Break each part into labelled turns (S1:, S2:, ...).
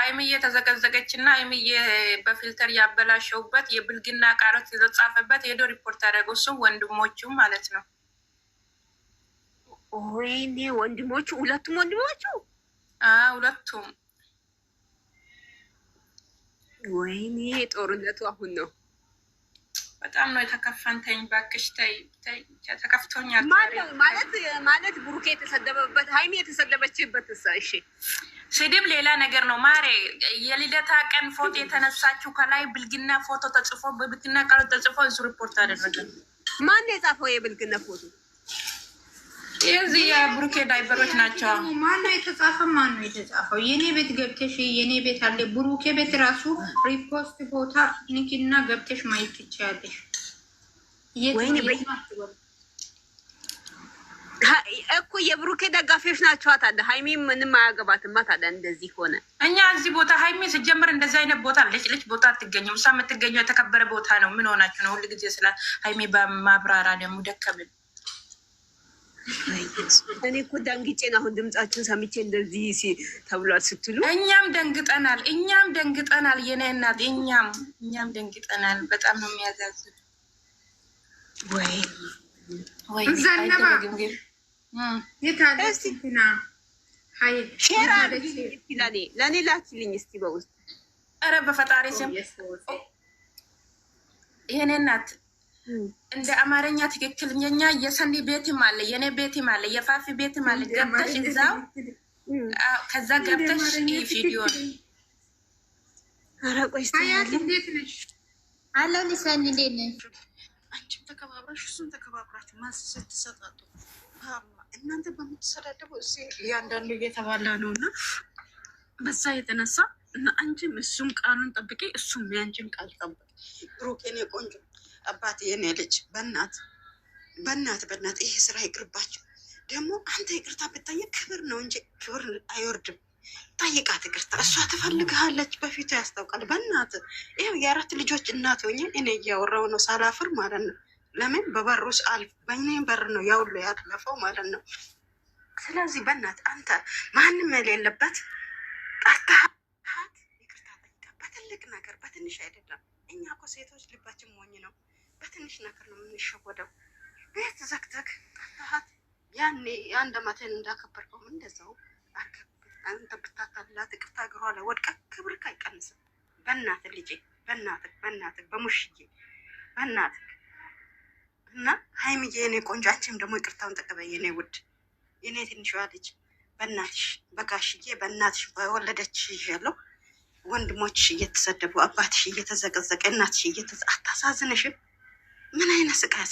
S1: አይም እየተዘቀዘቀች እና አይም በፊልተር ያበላሸውበት የብልግና ቃሎት የተጻፈበት ሄዶ ሪፖርት አደረገው። እሱም ወንድሞቹ ማለት ነው።
S2: ወይኔ ወንድሞቹ፣ ሁለቱም ወንድሞቹ፣ ሁለቱም። ወይኔ ጦርነቱ አሁን ነው።
S1: በጣም ነው የተከፈንተኝ። ባክሽ ተይ ተይ፣ ተከፍቶኛል።
S2: ማለት ማለት ብሩኬ የተሰደበበት ሀይሚ የተሰደበችበት እሺ፣
S1: ስድብ ሌላ ነገር ነው። ማሬ የልደታ ቀን ፎቶ የተነሳችው ከላይ ብልግና ፎቶ ተጽፎ በብልግና ቃሉ ተጽፎ እሱ ሪፖርት አደረገ።
S2: ማን የጻፈው የብልግና ፎቶ?
S1: የዚህ የብሩኬ ዳይበሮች ናቸው።
S2: ነው የተጻፈ? ነው የተጻፈው? የኔ ቤት ገብተሽ የኔ ቤት አለ ብሩኬ ቤት ራሱ ሪፖስት ቦታ ንኪና ገብተሽ ማየት ትችያለሽ። እኮ የብሩኬ ደጋፊዎች ናቸው። ታዲያ ሀይሜ ምንም አያገባትማ። ታዲያ እንደዚህ ሆነ።
S1: እኛ እዚህ ቦታ ሀይሜ ስጀምር እንደዚህ አይነት ቦታ ልጭልጭ ቦታ አትገኘም። እሷ የምትገኘው የተከበረ ቦታ ነው። ምን ሆናችሁ ነው ሁልጊዜ ስለ ሀይሜ በማብራራ ደግሞ ደከምን።
S2: እኔ እኮ ደንግጬን አሁን ድምጻችን ሰምቼ እንደዚህ ሲ ተብሏል ስትሉ
S1: እኛም ደንግጠናል፣ እኛም ደንግጠናል። የኔ እናት እኛም እኛም ደንግጠናል። በጣም ነው የሚያዛዝን። ወይ ወይ
S2: ላኪልኝ እስቲ በውስጥ
S1: ኧረ በፈጣሪ ስም የኔ እናት እንደ አማርኛ ትክክለኛ የሰኒ ቤትም አለ፣ የኔ ቤትም አለ፣ የፋፊ ቤትም አለ። ገብተሽ እዛው ከዛ ገብተሽ ቪዲዮ
S2: አለው ሊሰኒ እንዴት
S1: አንቺም ተከባብራሽ እሱም ተከባብራችሁ ማስ ስትሰጣጡ እናንተ በምትሰዳደቡ እያንዳንዱ እየተባላ ነው እና በዛ የተነሳ እና አንቺም እሱም ቃሉን ጠብቄ እሱም የአንቺም ቃል ጠብቅ ብሩኬኔ ቆንጆ አባት የኔ ልጅ በእናት በእናት በእናት ይሄ ስራ ይቅርባቸው። ደግሞ አንተ ይቅርታ ብታየ ክብር ነው እንጂ ክብር አይወርድም። ጠይቃት ይቅርታ፣ እሷ ትፈልግሃለች። በፊቱ ያስታውቃል። በእናት ይኸው የአራት ልጆች እናት ሆኜ እኔ እያወራው ነው ሳላፍር ማለት ነው። ለምን በበር ውስጥ አልፍ በእኔ በር ነው ያውሎ ያለፈው ማለት ነው። ስለዚህ በእናት አንተ ማንም የሌለበት ጠርተሃት ይቅርታ ጠይቃ፣ በትልቅ ነገር በትንሽ አይደለም። እኛ እኮ ሴቶች ልባችን ሞኝ ነው። በትንሽ ነገር ነው የምንሸወደው። ቤት ዘግተግ ታታት ያኔ አንድ አመትን እንዳከበርከውም እንደዛው አንተ ብታታላት ቅርታ እግሯ ላይ ወድቀ ክብርክ አይቀንስም። በእናት ልጄ፣ በእናትህ፣ በእናትህ፣ በሙሽዬ፣ በእናትህ እና ሀይሚዬ የኔ ቆንጆ፣ አንቺም ደግሞ ይቅርታውን ተቀበይ የኔ ውድ፣ የኔ ትንሿ ልጅ በእናትሽ በጋሽዬ በእናትሽ በወለደች ያለው ወንድሞች እየተሰደቡ አባትሽ እየተዘቀዘቀ እናትሽ እየተ አታሳዝንሽም? ምን አይነት ስቃይ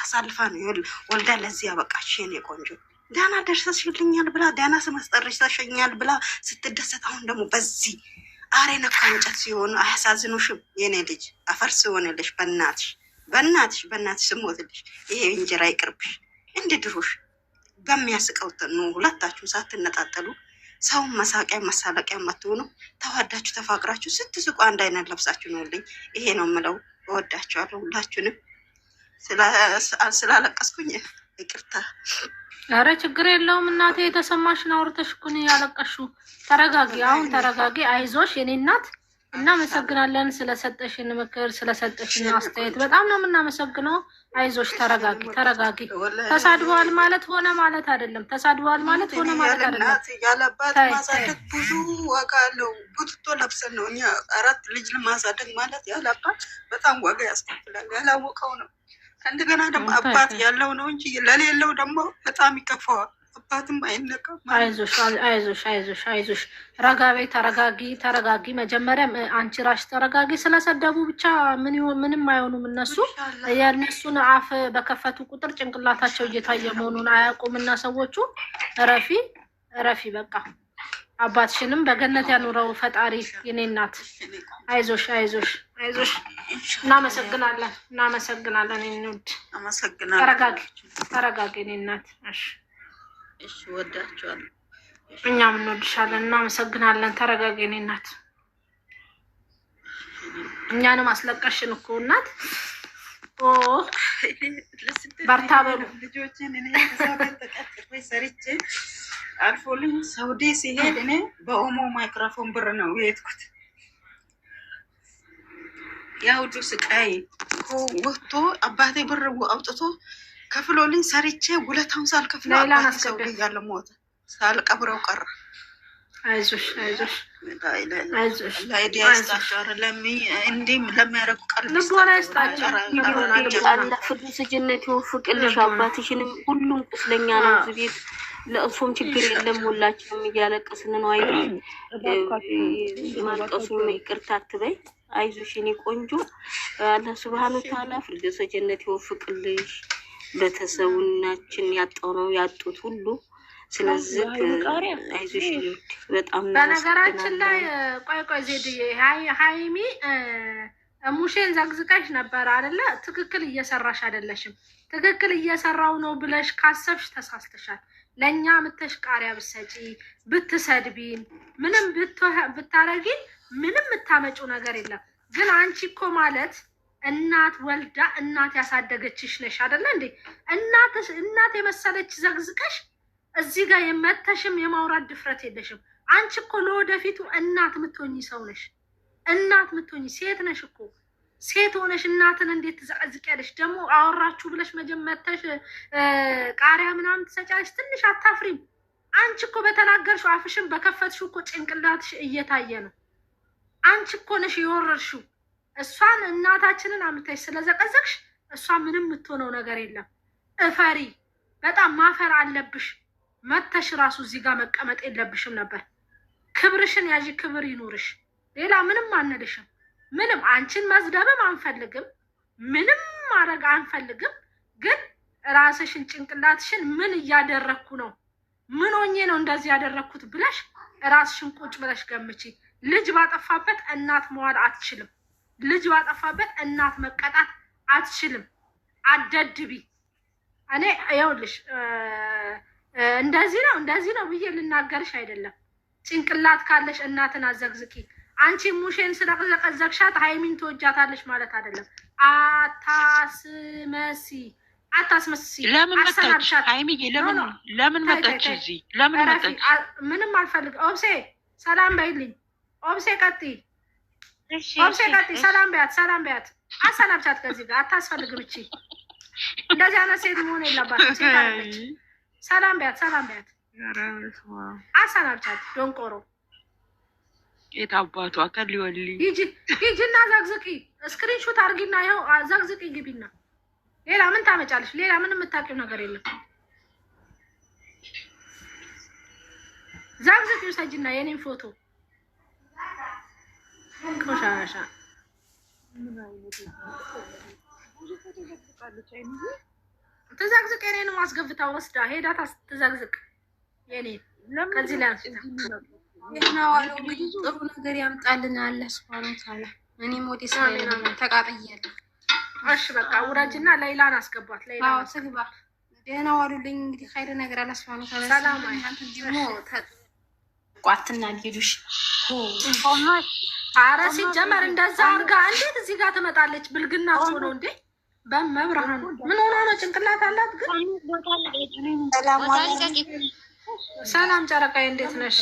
S1: አሳልፋ ነው ወልዳ ለዚህ ያበቃች? የኔ ቆንጆ ዳና ደርሰሽልኛል ብላ ዳና ስመስጠርሽ ተሸኛል ብላ ስትደሰት፣ አሁን ደግሞ በዚህ አሬ ነካ እንጨት ሲሆኑ አያሳዝኑሽም? የኔ ልጅ አፈር ሲሆንልሽ፣ በናትሽ በናትሽ በናትሽ ስሞትልሽ፣ ይሄ እንጀራ ይቅርብሽ። እንደ ድሮሽ በሚያስቀው ነው ሁለታችሁም ሳትነጣጠሉ ሰውን መሳቂያ መሳለቂያ የማትሆኑ ተዋዳችሁ ተፋቅራችሁ ስትስቁ አንድ አይነት ለብሳችሁ ነውልኝ። ይሄ ነው የምለው። እወዳችኋለሁ ሁላችሁንም። ስላለቀስኩኝ ይቅርታ።
S2: ኧረ ችግር የለውም እናቴ፣ የተሰማሽን አውርተሽ እኮ ነው ያለቀሽው። ተረጋጊ፣ አሁን ተረጋጊ፣ አይዞሽ የኔ እናት። እናመሰግናለን ስለሰጠሽን ምክር ስለሰጠሽን አስተያየት በጣም ነው የምናመሰግነው። አይዞሽ፣ ተረጋጊ፣ ተረጋጊ። ተሳድበዋል ማለት ሆነ ማለት አይደለም። ተሳድበዋል ማለት ሆነ ማለት አይደለም።
S1: ያለባት ማሳደግ ብዙ ዋጋ አለው። ቡትቶ ለብሰን ነው እኛ አራት ልጅ ማሳደግ ማለት ያለባት በጣም ዋጋ ያስከፍላል። ያላወቀው ነው እንደገና ደግሞ አባት ያለው ነው እንጂ ለሌለው ደግሞ በጣም ይከፋዋል። አባትም
S2: አይዞሽ አይዞሽ አይዞሽ አይዞሽ፣ ረጋቤ ተረጋጊ፣ ተረጋጊ። መጀመሪያም አንቺ ራሽ ተረጋጊ። ስለሰደቡ ብቻ ምንም አይሆኑም እነሱ። የእነሱን አፍ በከፈቱ ቁጥር ጭንቅላታቸው እየታየ መሆኑን አያውቁም እና ሰዎቹ ረፊ ረፊ በቃ አባትሽንም በገነት ያኑረው ፈጣሪ። የኔ እናት አይዞሽ፣ አይዞሽ፣ አይዞሽ። እናመሰግናለን፣ እናመሰግናለን። ውድ ተረጋግ፣ ተረጋግ። የኔ እናት።
S1: እሺ፣ ወዳችኋለሁ።
S2: እኛም እንወድሻለን፣ እናመሰግናለን። ተረጋግ፣ የኔ እናት። እኛንም አስለቀሽን እኮ እናት። ኦ በርታ በሉ
S1: ልጆችን እኔ ሰሪቼ አልፎልኝ ሳውዲ ሲሄድ እኔ በኦሞ ማይክሮፎን ብር ነው የሄድኩት። የአውዱ ስቃይ ወጥቶ አባቴ ብር አውጥቶ ከፍሎልኝ ሰርቼ ውለታውን ሳልከፍለ አባቴ ሰው ያለ ሞተ፣ ሳልቀብረው ቀረ።
S2: አይዞሽ አይዞሽ አይዞሽ፣
S1: ለአይዲያ ይስጣቸው። እንዲህ ለሚያደርጉ
S2: ቀልብ ይስጣቸው። አላህ ፍርድ ስጅነት ይወፍቅልሽ። አባትሽንም ሁሉም ቁስለኛ ነው እዚህ ቤት ለእሱም ችግር የለም ሁላችንም እያለቀስን ነው። አይ ማልቀሱም ይቅርታ አትበይ፣ አይዞሽ የኔ ቆንጆ። አላህ ሱብሃነ ወተዓላ ፍርደሰ ጀነት ይወፍቅልሽ። ቤተሰቡናችን ያጣው ነው ያጡት ሁሉ። ስለዚህ አይዞሽ ልድ በጣም
S1: በነገራችን ላይ ቆይ ቆይ ዜድዬ ሀይሚ ሙሼን ዘግዝቀሽ ነበር አደለ? ትክክል እየሰራሽ አይደለሽም። ትክክል እየሰራው ነው ብለሽ ካሰብሽ ተሳስተሻል። ለእኛ ምተሽ ቃሪያ ብሰጪ ብትሰድቢን ምንም ብታረጊን ምንም የምታመጪው ነገር የለም። ግን አንቺ እኮ ማለት እናት ወልዳ እናት ያሳደገችሽ ነሽ አደለ እንዴ? እናት የመሰለች ዘግዝቀሽ እዚህ ጋር የመተሽም የማውራት ድፍረት የለሽም። አንቺ እኮ ለወደፊቱ እናት ምትሆኝ ሰው ነሽ። እናት ምትሆኝ ሴት ነሽ እኮ ሴት ሆነሽ እናትን እንዴት ትዘቀዝቂያለሽ? ደግሞ አወራችሁ ብለሽ መጀመርተሽ ቃሪያ ምናምን ትሰጫለሽ። ትንሽ አታፍሪም? አንቺ እኮ በተናገርሽው አፍሽን በከፈትሽው እኮ ጭንቅላትሽ እየታየ ነው። አንቺ እኮ ነሽ እሷን እናታችንን አምታሽ ስለዘቀዘቅሽ እሷ ምንም የምትሆነው ነገር የለም። እፈሪ፣ በጣም ማፈር አለብሽ። መተሽ ራሱ እዚህ ጋር መቀመጥ የለብሽም ነበር። ክብርሽን ያዥ፣ ክብር ይኑርሽ። ሌላ ምንም አንልሽም። ምንም አንቺን መዝደብም አንፈልግም፣ ምንም ማድረግ አንፈልግም። ግን ራስሽን ጭንቅላትሽን ምን እያደረግኩ ነው፣ ምን ሆኜ ነው እንደዚህ ያደረግኩት ብለሽ ራስሽን ቁጭ ብለሽ ገምቺ። ልጅ ባጠፋበት እናት መዋል አትችልም። ልጅ ባጠፋበት እናት መቀጣት አትችልም። አደድቢ እኔ ይኸውልሽ እንደዚህ ነው እንደዚህ ነው ብዬ ልናገርሽ አይደለም። ጭንቅላት ካለሽ እናትን አዘግዝቂ። አንቺ ሙሽን ስለቀዘቅሻት ሀይሚን ትወጃታለች ማለት አይደለም። አታስመሲ አታስመሲ።
S2: ለምን መጣች ሀይሚዬ? ለምን መጣች እዚህ? ለምን መጣች?
S1: ምንም አልፈልግም። ኦብሴ ሰላም በይልኝ። ኦብሴ ቀጥይ፣ ኦብሴ ቀጥይ። ሰላም በያት፣ ሰላም በያት። አሰናብቻት ከዚህ ጋር አታስፈልግም። እቺ እንደዚህ አይነት ሴት መሆን የለባትም። ሴት አለች። ሰላም በያት፣ ሰላም በያት። አሰናብቻት ዶንቆሮ
S2: የት አባቷ ከሊወል
S1: ሂጂና ዘግዝቂ፣ ስክሪንሾት አርጊና ይኸው ዘግዝቂ ግቢና። ሌላ ምን ታመጫለሽ? ሌላ ምን የምታውቂው ነገር የለም። ዘግዝቂ ውሰጂና የኔን ፎቶ ቆሻሻ ትዘግዝቅ የኔን ማስገብታ ወስዳ ሄዳ ትዘግዝቅ የኔን ከዚህ ላይ አንስታ
S2: ጥሩ ነገር ያምጣልን አለ ስብሃነ ታላ። እኔም ወደ ስራ ተቃጥያለሁ።
S1: እሺ በቃ ውረጅና ላይላን አስገባት። ላይላ
S2: ትግባ። ደህና ዋሉልኝ። እንግዲህ ኸይር ነገር አለ ስብሃነ ታላ።
S1: ሰላም ደግሞ
S2: ቋትና ልሄዱሽ
S1: አረ ሲጀመር እንደዛ አድርጋ እንዴት እዚህ ጋር ትመጣለች? ብልግና ሆኖ እንዴ በመብርሃን ምን ሆኖ ነው? ጭንቅላት አላት ግን ሰላም ጨረቃዬ፣ እንዴት ነሽ?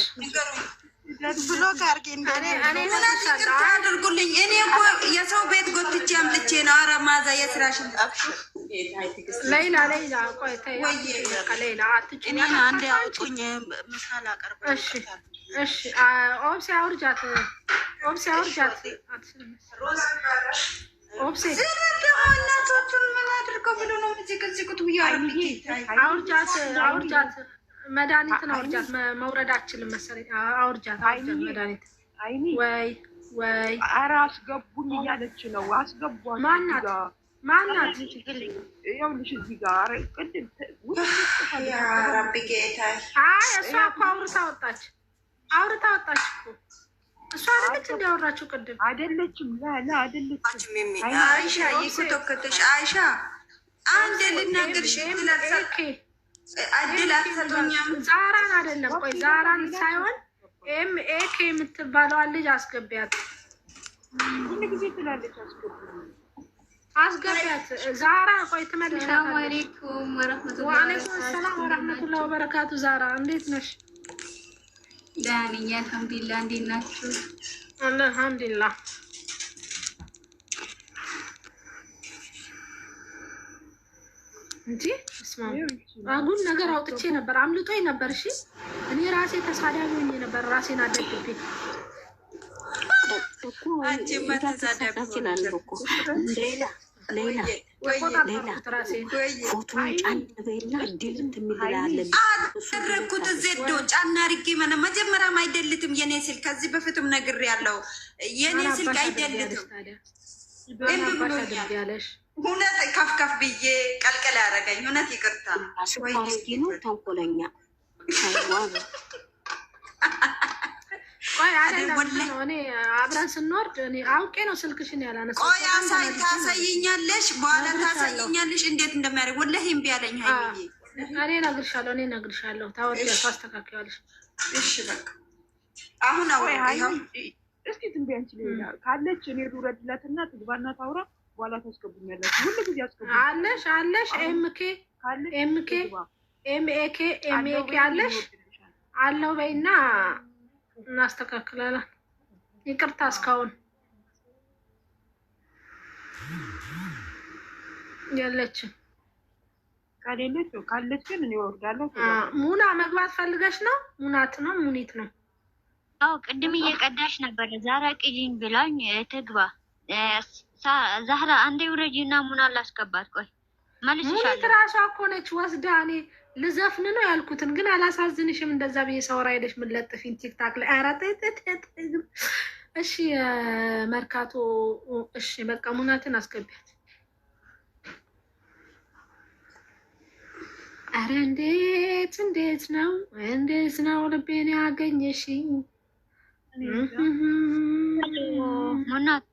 S1: ብሎክ አድርጌ እኔ እኮ የሰው ቤት ጎትቼ አምልቼ ነው። ኧረ ማዛ የስራሽን ጣፍሽ ሌላ ሌላ ቆይ ተይ፣ አትጭኝ። አንዴ አውጡኝ፣ ምሳ ላቀርብ።
S2: እሺ እሺ። አውርጃት፣ አውርጃት።
S1: እናቶቹን ምን አድርገው ብሎ ነው ምጭቅጭቁት?
S2: አውርጃት፣ አውርጃት መድኃኒት ነው አውርጃት። መውረድ አችልም መሰለኝ። አውርጃት አውርጃት መድኃኒት ወይ ወይ፣
S1: ኧረ አስገቡኝ እያለች ነው። አስገቧት።
S2: ማናት ማናት?
S1: ይኸውልሽ እዚህ ጋር ቅድም
S2: እሷ እኮ አውርታ ወጣች። አውርታ ወጣች እኮ እሷ አለች እንዲያወራችው ቅድም
S1: አይደለችም። ላላ አይደለችም። አይሻ ይኮተኮተሽ አይሻ አንድ ልናገርሽ ትላል ዛራን
S2: አይደለም፣ ቆይ ዛራን ሳይሆን ኤም ኤክ የምትባለዋን ልጅ አስገቢያት፣ አስገቢያት። ዛራ ቆይ
S1: ትመልሻለሽ።
S2: ወአለይኩም ወበረካቱ። ዛራ እንዴት ነሽ?
S1: ደህና ነኝ አልሐምዱሊላህ። እንዴት ናችሁ?
S2: አልሐምዱሊላህ እንጂ አጉል ነገር አውጥቼ ነበር፣ አምልጦ ነበር። እሺ እኔ ራሴ ተሳዳቢ ሆኜ ነበር። ራሴን አደግብኝ።
S1: ፎቶን አደረግኩት። ዜዶ ጫና አድርጌ መነ መጀመሪያም አይደልትም የኔ ስልክ። ከዚህ በፊትም ነግሬያለሁ የኔ ስልክ አይደልትም። እውነት ከፍከፍ ብዬ ቀልቀል ያደረገኝ እውነት ይቅርታ
S2: ስፓስኪ ነው። ተንኮለኛ አብረን ስንወርድ አውቄ ነው ስልክሽን ያላነሳ።
S1: ቆይ ታሳይኛለሽ፣ በኋላ ታሳይኛለሽ እንዴት እንደሚያደርግ ወላሂ እምቢ አለኝ።
S2: እኔ እነግርሻለሁ፣ እኔ እነግርሻለሁ። ታወሪያለሽ፣ ታስተካክያለሽ። እሺ
S1: በቃ አሁን አሁን እስኪ ዝም ቢያንችል ካለች እኔ ዱረድለትና ትግባና ታውራ በኋላ ታስገቡኛለች። ሁሉ ጊዜ አስገቡ
S2: አለሽ አለሽ ኤምኬ ኤምኬ ኤምኤኬ ኤምኤኬ አለሽ አለው በይና እናስተካክላለን። ይቅርታ እስካሁን የለችም።
S1: ከሌለች ካለች ግን እኔ እወርዳለሁ።
S2: ሙና መግባት ፈልገች ነው? ሙናት ነው ሙኒት ነው? አዎ ቅድም እየቀዳሽ ነበረ። ዛሬ ቅጂኝ ብላኝ ትግባ ዛህራ አንዴ ውረጅ እና ሙና ላስገባት። ቆይ መልስሻለሁ። ራሷ እኮ ነች ወስዳ። እኔ ልዘፍን ነው ያልኩትን ግን አላሳዝንሽም። እንደዛ ብዬ ሰውራ ሄደሽ የምንለጥፊን ቲክታክ ላይ ኧረ ተይ ተይ ተይ። እሺ መርካቶ፣ እሺ በቃ ሙናትን አስገቢያት። ኧረ እንዴት እንዴት ነው እንዴት ነው ልቤን ያገኘሽኝ ሙናት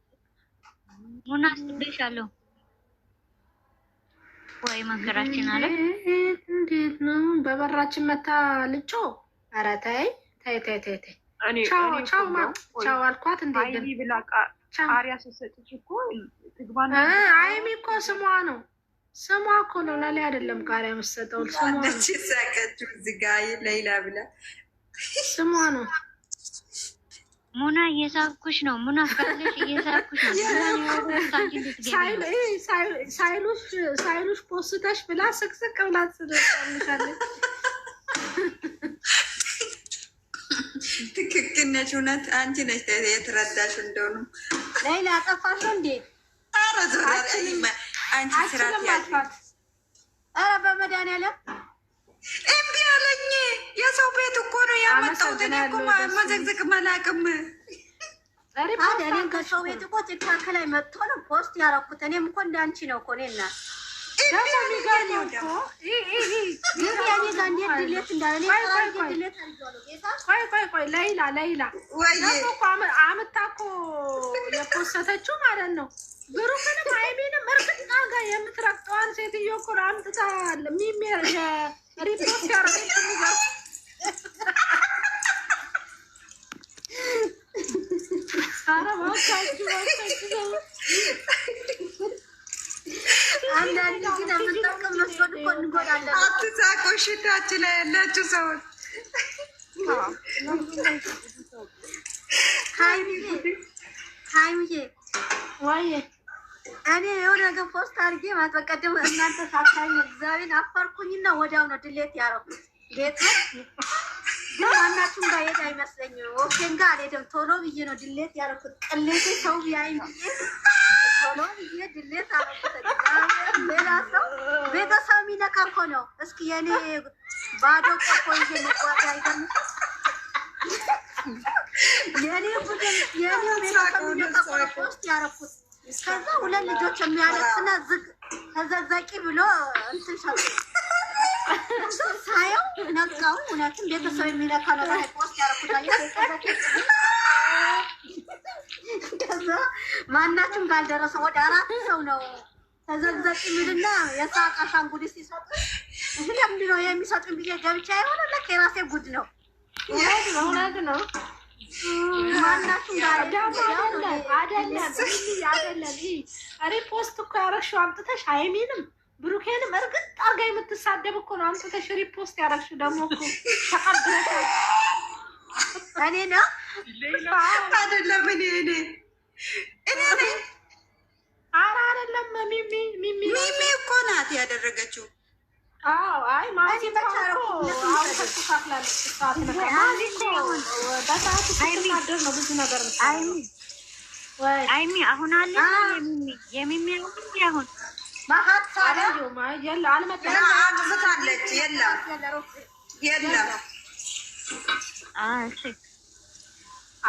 S2: ቡና አስቤሻለሁ ወይ መከራችን አለ። እንዴት ነው በበራችን መታ ልጮ ኧረ ተይ ተይ ተይ ተይ ተይ ቻው አልኳት። አይሚ እኮ ስሟ ነው ስሟ እኮ ነው ላላ አይደለም ቃሪያ መሰጠው ስሟ ነው። ሙና እየሳብኩሽ ነው። ሙና ካለሽ ነው። ሳይሉሽ ፖስተሽ ብላ ስቅስቅ ብላ ትስደጣልሻለች።
S1: ትክክል ነሽ። እውነት አንቺ ነሽ የተረዳሽ እንደሆኑ
S2: ሌላ ጠፋሽ እንዴ?
S1: ኧረ ዞራሪ አንቺ ስራት ያለ
S2: ኧረ በመድኃኒዓለም
S1: በለኝ። የሰው ቤት እኮ ነው ያመጣሁት እኔ እኮ መዘግዘግ መላቅም
S2: እኔም ከሰው ቤት እኮ ቲክታክ ላይ መጥቶ ነው ፖስት ያደረኩት። እኔም እኮ አንቺ ነው እኮ እኔና ቆይ አምታ እኮ የፖሰተችው ማለት ነው። ብሩክንም እርግጥ የምትረግጠዋን ሴትዮ እኮ አምጥታ
S1: ሽታችን ላይ ያላችሁ ሰዎች
S2: ሀይሚዬ እኔ የሆነ ነገር ፖስት አድርጌ ማለት በቀደም እናንተ ሳታኝ እግዚአብሔር አፋ አልኩኝና ወዲያው ነው ድሌት ያደረኩት። ቤቱ ግን ማናችሁም ጋር ሄድ አይመስለኝም። ኦኬን ጋር አልሄድም። ቶሎ ብዬ ነው ድሌት ያደረኩት። ቅሌቴ ሰው ቢያይ ቶሎ ብዬ ድሌት አደረኩት። ሌላ ሰው ቤተሰብ የሚነካ እኮ ነው። እስኪ የኔ ባዶ ቆፎ ይዤ መጓዝ አይገርምም። የኔ ቡድን የኔ ቤተሰብ የሚነካ ቆፎ ውስጥ ያደረኩት ከዛ ሁለት ልጆች የሚያለቅስና ዝግ ከዘዘቂ ብሎ እንትን ሸጡ እሱ ሳየው ነቃው። እውነትም ቤተሰብ የሚለካ ነገር ከዛ ወደ አራት ሰው ነው የሳቅ ሲሰጡ ለምንድን ነው የሚሰጡን ብዬ ገብቻ የሆነ ለካ የራሴ ጉድ ነው። እውነት ነው። አይደለም። ሪፖስት እኮ ያረግሽው አምጥተሽ አይሚንም ብሩኬንም እርግጥ አርጋ የምትሳደብ እኮ ነው። አምጥተሽ ሪፖስት ያደረግሽው ደግሞ እኮ ተቀብለሻል። እኔ ነው አይደለም፣ እኔ እኔ እኔ ነኝ። ኧረ አይደለም፣ ሚሚ ሚሚ ሚሚ እኮ ናት ያደረገችው። አዎ አይ ማለት ነው። ብዙ ነገር ነው። አሁን አለ የሚሚ አሁን አጥፍታለች። የለም የለም።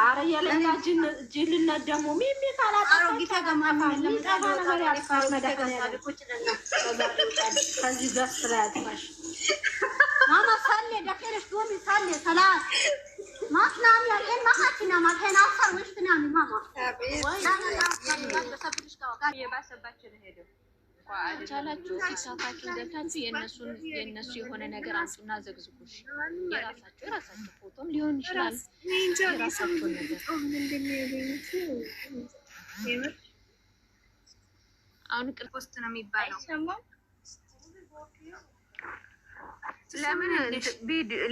S2: አረ የለላ ጅልነት ደግሞ ሚሚ የባሰባቸው ነው ሄደው ቻላችሁ ሲሳታችሁ እንደታንስ የእነሱን የእነሱ የሆነ ነገር አንሱና ዘግዝጉሽ። የራሳችሁ የራሳችሁ ፎቶም ሊሆን ይችላል። የራሳችሁ ነገር አሁን ቅር ፖስት ነው የሚባለው። ለምን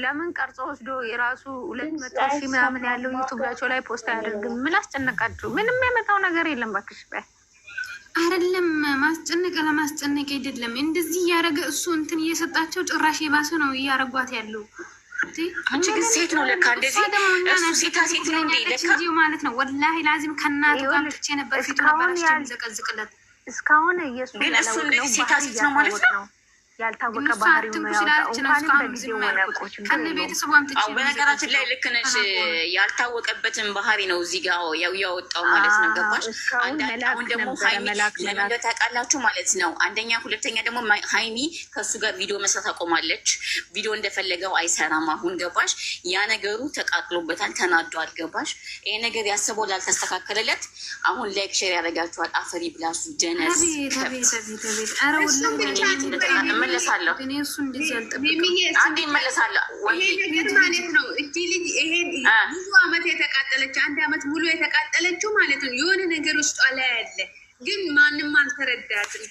S2: ለምን ቀርጾ ወስዶ የራሱ ሁለት መቶ ሺህ ምናምን ያለው ዩቱባቸው ላይ ፖስት አያደርግም? ምን አስጨነቃችሁ? ምንም የሚያመጣው ነገር የለም። እባክሽ በይ አይደለም ማስጨነቅ ለማስጨነቅ አይደለም። እንደዚህ እያደረገ እሱ እንትን እየሰጣቸው ጭራሽ የባሰ ነው እያረጓት ያለው። አንቺ ግን ሴት ነው ለካ እንደዚህ ሴታ ሴት ነው እንዴ ለካ ማለት ነው። ወላሂ ላዚም ከእናቱ ጋር ምጥቼ ነበር ፊቱ ነበር ዘቀዝቅለት እስካሁን እየሱ ግን እሱ እንደዚህ ሴታ ሴት ነው ማለት ነው። ያልታወቀ ባህሪ በነገራችን ላይ ልክ ነሽ። ያልታወቀበትን ባህሪ ነው እዚህ ጋ ያወጣው ማለት ነው። ገባሽ? አሁን ደግሞ ሀይሚ ለምን ታውቃላችሁ ማለት ነው። አንደኛ፣ ሁለተኛ ደግሞ ሀይሚ ከእሱ ጋር ቪዲዮ መስራት አቆማለች። ቪዲዮ እንደፈለገው አይሰራም። አሁን ገባሽ? ያ ነገሩ ተቃጥሎበታል፣ ተናዷል። ገባሽ? ይሄ ነገር ያሰበው ላልተስተካከለለት አሁን ላይክ ሼር ያደርጋችኋል። አፈሪ ብላሱ ደነስ እመለሳለሁ። ብዙ አመት የተቃጠለች አንድ አመት ሙሉ የተቃጠለችው ማለት ነው የሆነ ነገር ውስጧ ላይ ያለ ግን ማንም አልተረዳትም።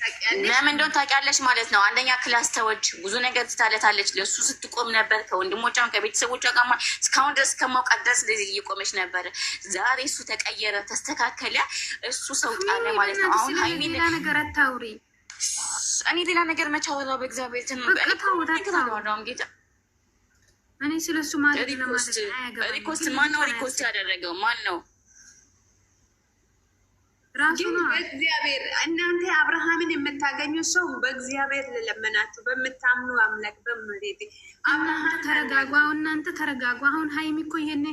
S2: ለምን እንደሆነ ታውቂያለሽ ማለት ነው። አንደኛ ክላስ ተወች፣ ብዙ ነገር ትታለታለች። ለእሱ ስትቆም ነበር ከወንድሞቿም ከቤተሰቦቿ ጋማ እስካሁን ድረስ ከማውቃት ድረስ እንደዚህ እየቆመች ነበር። ዛሬ እሱ ተቀየረ፣ ተስተካከለ፣ እሱ ሰው ጣለ ማለት ነው። አሁን ሀይሚ ነገር አታውሪ እኔ ሌላ ነገር መቻወላ በእግዚአብሔር ጌታ እኔ ሪኮስት ማን ነው ሪኮስት ያደረገው ማን ነው? በእግዚአብሔር እናንተ አብርሃምን የምታገኙ ሰው በእግዚአብሔር ልለመናችሁ በምታምኑ አምላክ በምሬት ተረጋጉ። እናንተ ተረጋጉ። አሁን ሀይሚ እኮ ይሄኔ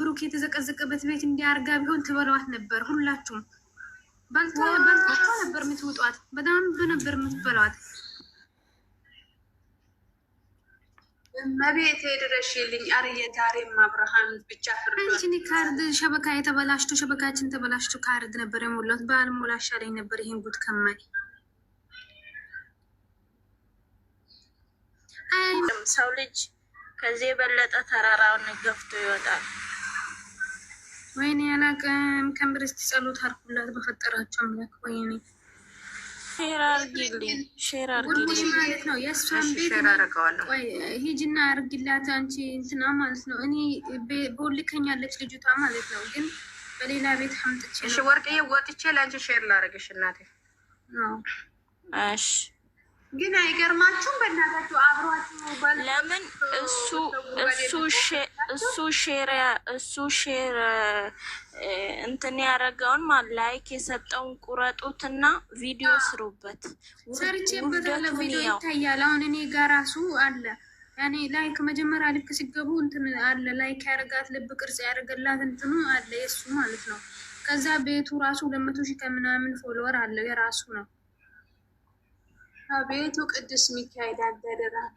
S2: ብሩክ የተዘቀዘቀበት ቤት እንዲያርጋ ቢሆን ትበለዋት ነበር ሁላችሁም በልታቸው ነበር የምትውጧት። በጣም ነበር የምትበሏት። መቤት ድረሽልኝ አርዬ ዛሬም አብርሃም ብቻ ካርድ ሸበካ የተበላሽቶ ሸበካችን ተበላሽቶ ካርድ ነበር የሞላት በአልሞላ ሻለኝ ነበር ይህን ጉድ ከማይ ሰው ልጅ ከዚህ የበለጠ ተራራውን ገፍቶ ይወጣል። ወይኔ አላቅም። ከምር እስቲ ጸሎት አድርጉላት በፈጠራቸው አምላክ። ወይኔ ሼር አድርጊልኝ፣ ሼር ማለት ነው። የእሷን ቤት ሂጂና አድርጊላት አንቺ እንትና ማለት ነው። እኔ ልጅቷ ማለት ነው፣ ግን በሌላ ቤት ሐምጥቼ እሺ፣ ወርቅዬ ወጥቼ ለአንቺ ሼር እናቴ። እሺ ግን አይገርማችሁም? በእናታችሁ አብሯችሁ ለምን እሱ እሱ እሱ ሼር እሱ ሼር እንትን ያደረገውን ላይክ የሰጠውን ቁረጡትና ቪዲዮ ስሩበት። ሰርቼበታለሁ፣ ቪዲዮ ይታያል። አሁን እኔ ጋር ራሱ አለ። ያኔ ላይክ መጀመሪያ ልክ ሲገቡ እንትን አለ ላይክ ያደርጋት ልብ ቅርጽ ያደረገላት እንትኑ አለ የእሱ ማለት ነው። ከዛ ቤቱ ራሱ ሁለት መቶ ሺህ ከምናምን ፎሎወር አለው የራሱ ነው። ቤቱ ቅዱስ ሚካኤል አደረራቱ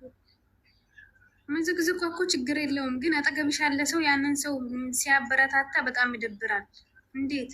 S2: ምዝግዝግ እኮ ችግር የለውም ግን አጠገብሽ ያለ ሰው ያንን ሰው ሲያበረታታ በጣም ይደብራል። እንዴት